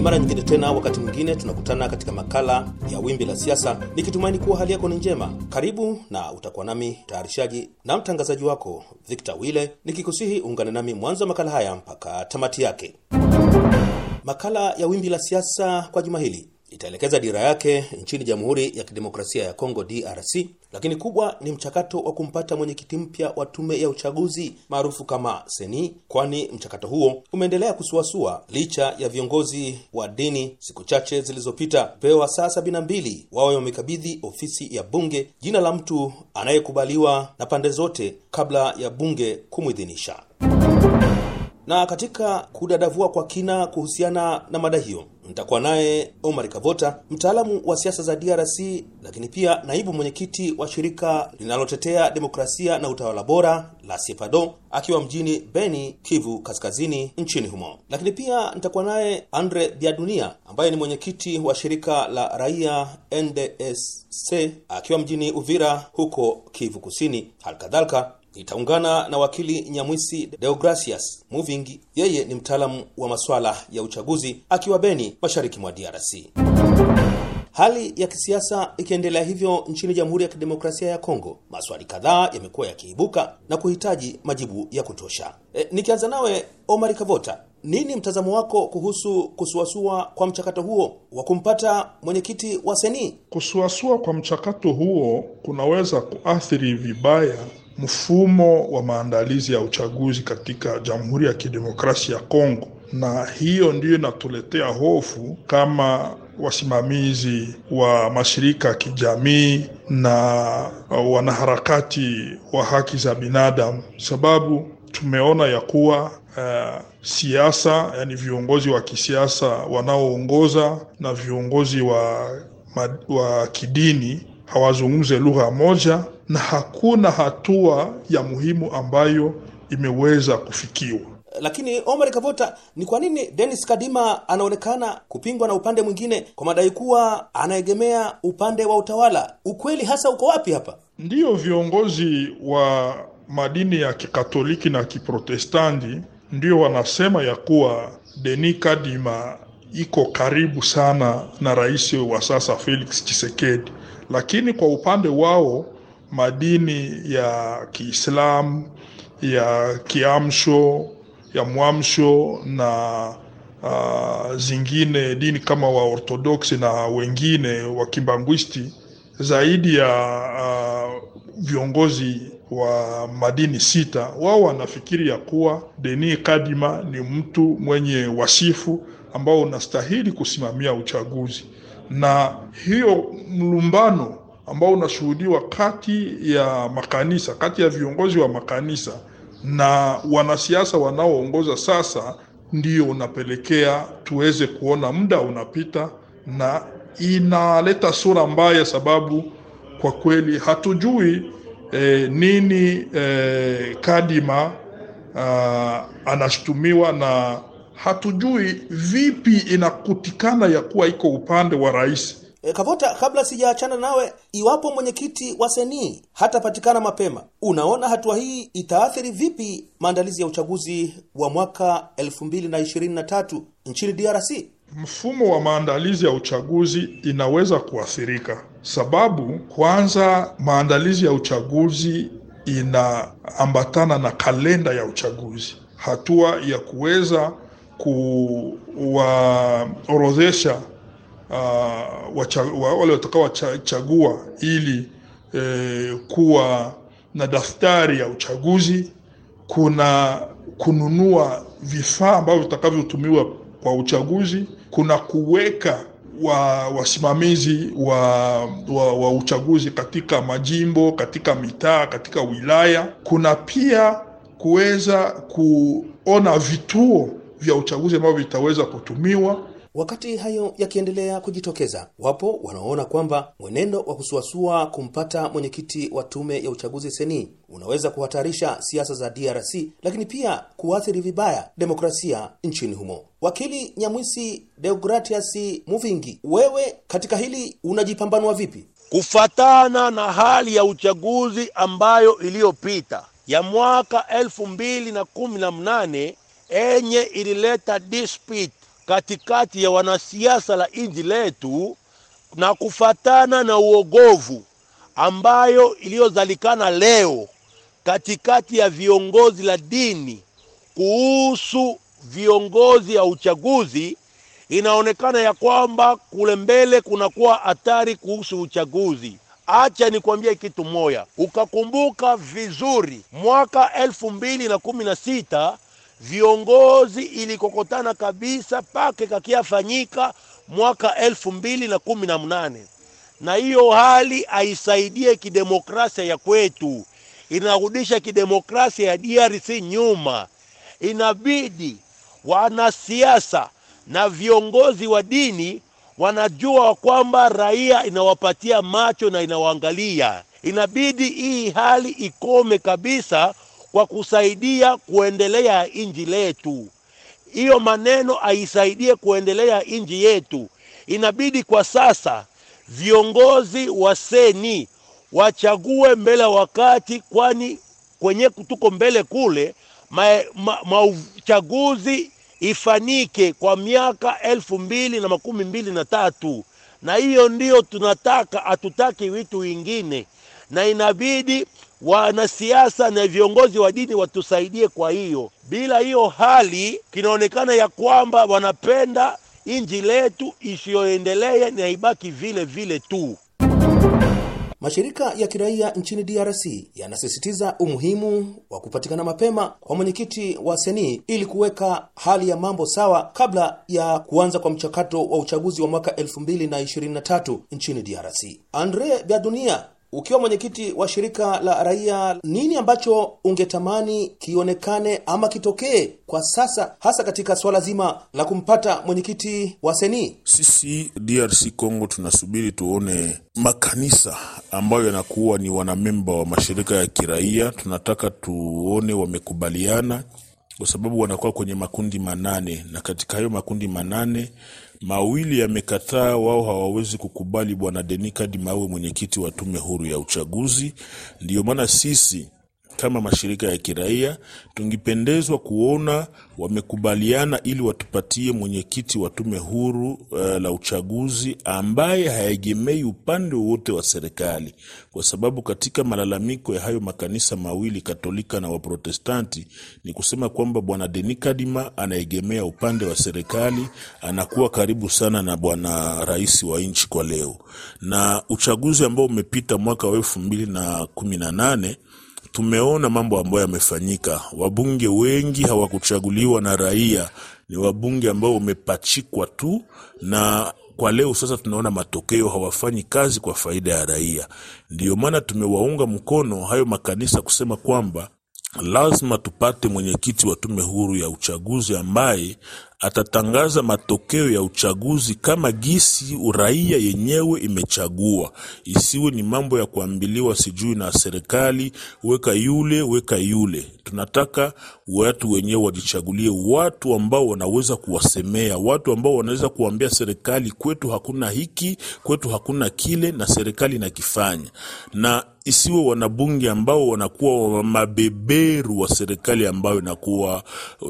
Msikilizaji, mara nyingine tena, wakati mwingine tunakutana katika makala ya Wimbi la Siasa, nikitumaini kuwa hali yako ni njema. Karibu na utakuwa nami mtayarishaji na mtangazaji wako Victor Wile, nikikusihi uungane nami mwanzo wa makala haya mpaka tamati yake. Makala ya Wimbi la Siasa kwa juma hili itaelekeza dira yake nchini Jamhuri ya Kidemokrasia ya Kongo DRC, lakini kubwa ni mchakato wa kumpata mwenyekiti mpya wa tume ya uchaguzi maarufu kama Seni, kwani mchakato huo umeendelea kusuasua licha ya viongozi wa dini siku chache zilizopita kupewa saa 72 wawe wamekabidhi ofisi ya bunge jina la mtu anayekubaliwa na pande zote kabla ya bunge kumwidhinisha. Na katika kudadavua kwa kina kuhusiana na mada hiyo Nitakuwa naye Omar Kavota, mtaalamu wa siasa za DRC, lakini pia naibu mwenyekiti wa shirika linalotetea demokrasia na utawala bora la Sefado, akiwa mjini Beni, Kivu Kaskazini, nchini humo. Lakini pia nitakuwa naye Andre Biadunia ambaye ni mwenyekiti wa shirika la raia NDSC, akiwa mjini Uvira huko Kivu Kusini. Halikadhalika Nitaungana na wakili Nyamwisi deogracias Muvingi, yeye ni mtaalamu wa masuala ya uchaguzi akiwa Beni, mashariki mwa DRC. Hali ya kisiasa ikiendelea hivyo nchini Jamhuri ya Kidemokrasia ya Kongo, maswali kadhaa yamekuwa yakiibuka na kuhitaji majibu ya kutosha. E, nikianza nawe Omar Kavota, nini mtazamo wako kuhusu kusuasua kwa mchakato huo wa kumpata mwenyekiti wa Seni? Kusuasua kwa mchakato huo kunaweza kuathiri vibaya mfumo wa maandalizi ya uchaguzi katika Jamhuri ya Kidemokrasia ya Kongo, na hiyo ndiyo inatuletea hofu kama wasimamizi wa mashirika ya kijamii na wanaharakati wa haki za binadamu, sababu tumeona ya kuwa uh, siasa yani viongozi wa kisiasa wanaoongoza na viongozi wa, wa kidini hawazungumze lugha moja, na hakuna hatua ya muhimu ambayo imeweza kufikiwa. Lakini Omar Kavota, ni kwa nini denis Kadima anaonekana kupingwa na upande mwingine kwa madai kuwa anaegemea upande wa utawala? Ukweli hasa uko wapi hapa? Ndiyo, viongozi wa madini ya Kikatoliki na Kiprotestanti ndio wanasema ya kuwa Denis Kadima iko karibu sana na rais wa sasa Felix Tshisekedi, lakini kwa upande wao madini ya Kiislamu ya kiamsho ya mwamsho na uh, zingine dini kama wa Orthodoksi na wengine wa Kimbangwisti zaidi ya uh, viongozi wa madini sita, wao wanafikiri ya kuwa Denis Kadima ni mtu mwenye wasifu ambao unastahili kusimamia uchaguzi, na hiyo mlumbano ambao unashuhudiwa kati ya makanisa, kati ya viongozi wa makanisa na wanasiasa wanaoongoza sasa, ndio unapelekea tuweze kuona muda unapita, na inaleta sura mbaya, sababu kwa kweli hatujui e, nini e, Kadima a, ah, anashutumiwa na hatujui vipi inakutikana ya kuwa iko upande wa rais. E, Kavota, kabla sijaachana nawe, iwapo mwenyekiti wa senii hatapatikana mapema, unaona hatua hii itaathiri vipi maandalizi ya uchaguzi wa mwaka 2023 nchini DRC? Mfumo wa maandalizi ya uchaguzi inaweza kuathirika, sababu kwanza, maandalizi ya uchaguzi inaambatana na kalenda ya uchaguzi. Hatua ya kuweza kuwaorodhesha uh, ah, wale watakaowachagua ili eh, kuwa na daftari ya uchaguzi. Kuna kununua vifaa ambavyo vitakavyotumiwa kwa uchaguzi. Kuna kuweka wa wasimamizi wa, wa, wa uchaguzi katika majimbo, katika mitaa, katika wilaya. Kuna pia kuweza kuona vituo vya uchaguzi ambavyo vitaweza kutumiwa. Wakati hayo yakiendelea kujitokeza, wapo wanaoona kwamba mwenendo wa kusuasua kumpata mwenyekiti wa tume ya uchaguzi seni unaweza kuhatarisha siasa za DRC, lakini pia kuathiri vibaya demokrasia nchini humo. Wakili Nyamwisi Deogratias Muvingi, wewe katika hili unajipambanua vipi? Kufatana na hali ya uchaguzi ambayo iliyopita ya mwaka elfu mbili na kumi na mnane enye ilileta dispute katikati ya wanasiasa la inji letu na kufatana na uogovu ambayo iliyozalikana leo katikati ya viongozi la dini kuhusu viongozi ya uchaguzi, inaonekana ya kwamba kule mbele kunakuwa hatari kuhusu uchaguzi. Acha nikwambie kitu moya, ukakumbuka vizuri mwaka elfu mbili na kumi na sita viongozi ilikokotana kabisa pake kakiafanyika mwaka elfu mbili na kumi na mnane na hiyo hali aisaidie kidemokrasia ya kwetu, inarudisha kidemokrasia ya DRC nyuma. Inabidi wanasiasa na viongozi wa dini wanajua kwamba raia inawapatia macho na inawaangalia. Inabidi hii hali ikome kabisa kwa kusaidia kuendelea inji letu. Hiyo maneno aisaidie kuendelea inji yetu. Inabidi kwa sasa viongozi wa seni wachague mbele wakati, kwani kwenye tuko mbele kule mauchaguzi ma, ma ifanike kwa miaka elfu mbili na makumi mbili na tatu na hiyo ndiyo tunataka, hatutaki vitu vingine, na inabidi wanasiasa na viongozi wa dini watusaidie. Kwa hiyo bila hiyo hali kinaonekana ya kwamba wanapenda inji letu isiyoendelee na ibaki vile vile tu. Mashirika ya kiraia nchini DRC yanasisitiza umuhimu wa kupatikana mapema kwa mwenyekiti wa seni ili kuweka hali ya mambo sawa kabla ya kuanza kwa mchakato wa uchaguzi wa mwaka 2023 nchini DRC. Andre Byadunia ukiwa mwenyekiti wa shirika la raia, nini ambacho ungetamani kionekane ama kitokee kwa sasa, hasa katika swala zima la kumpata mwenyekiti wa seni? Sisi DRC Congo tunasubiri tuone makanisa ambayo yanakuwa ni wanamemba wa mashirika ya kiraia. Tunataka tuone wamekubaliana kwa sababu wanakuwa kwenye makundi manane, na katika hayo makundi manane mawili yamekataa, wao hawawezi kukubali Bwana Denikadi Mawe, mwenyekiti wa tume huru ya uchaguzi. Ndiyo maana sisi kama mashirika ya kiraia tungipendezwa kuona wamekubaliana ili watupatie mwenyekiti wa tume huru uh, la uchaguzi ambaye haegemei upande wowote wa serikali, kwa sababu katika malalamiko ya hayo makanisa mawili Katolika na Waprotestanti ni kusema kwamba bwana deni Kadima anaegemea upande wa serikali, anakuwa karibu sana na bwana rais wa nchi kwa leo, na uchaguzi ambao umepita mwaka wa elfu mbili na kumi na nane tumeona mambo ambayo yamefanyika. Wabunge wengi hawakuchaguliwa na raia, ni wabunge ambao wamepachikwa tu, na kwa leo sasa tunaona matokeo, hawafanyi kazi kwa faida ya raia. Ndiyo maana tumewaunga mkono hayo makanisa kusema kwamba lazima tupate mwenyekiti wa tume huru ya uchaguzi ambaye atatangaza matokeo ya uchaguzi kama gisi uraia yenyewe imechagua. Isiwe ni mambo ya kuambiliwa sijui na serikali, weka yule weka yule. Tunataka watu wenyewe wajichagulie watu ambao wanaweza kuwasemea, watu ambao wanaweza kuambia serikali, kwetu hakuna hiki, kwetu hakuna kile, na serikali inakifanya na isiwe wanabunge ambao wanakuwa mabeberu wa serikali ambayo inakuwa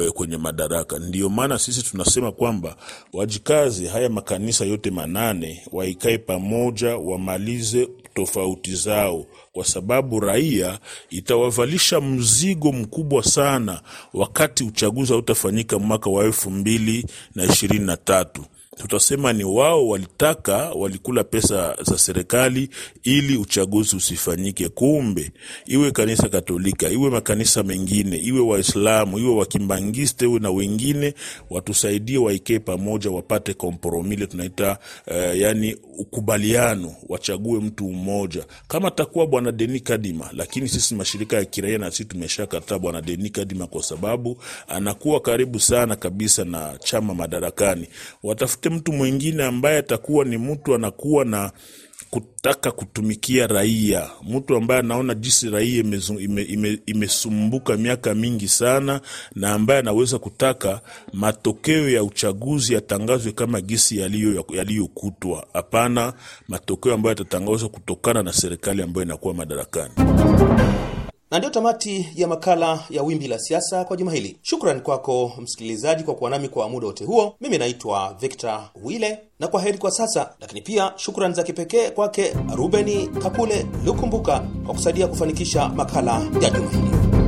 eh, kwenye madaraka. Ndio maana sisi sisi tunasema kwamba wajikazi haya makanisa yote manane waikae pamoja, wamalize tofauti zao, kwa sababu raia itawavalisha mzigo mkubwa sana wakati uchaguzi hautafanyika mwaka wa elfu mbili na ishirini na tatu tutasema ni wao walitaka, walikula pesa za serikali ili uchaguzi usifanyike. Kumbe iwe kanisa Katolika, iwe makanisa mengine, iwe Waislamu, iwe wakimbangiste, iwe na wengine, watusaidie, waikee pamoja, wapate kompromile tunaita uh, yani ukubaliano, wachague mtu mmoja, kama takuwa bwana Deni Kadima. Lakini sisi mashirika ya kiraia na sisi tumeshakataa bwana Deni Kadima kwa sababu anakuwa karibu sana kabisa na chama madarakani. Watafute yeyote mtu mwingine ambaye atakuwa ni mtu anakuwa na kutaka kutumikia raia, mtu ambaye anaona jinsi raia imesumbuka ime, ime miaka mingi sana, na ambaye anaweza kutaka matokeo ya uchaguzi yatangazwe kama gisi yaliyokutwa, hapana matokeo ambayo yatatangazwa kutokana na serikali ambayo inakuwa madarakani na ndiyo tamati ya makala ya Wimbi la Siasa kwa juma hili. Shukrani kwako msikilizaji kwa kuwa nami kwa muda wote huo. Mimi naitwa Victor Wile na kwa heri kwa sasa, lakini pia shukrani za kipekee kwake Rubeni Kakule Lukumbuka kwa kusaidia kufanikisha makala ya juma hili.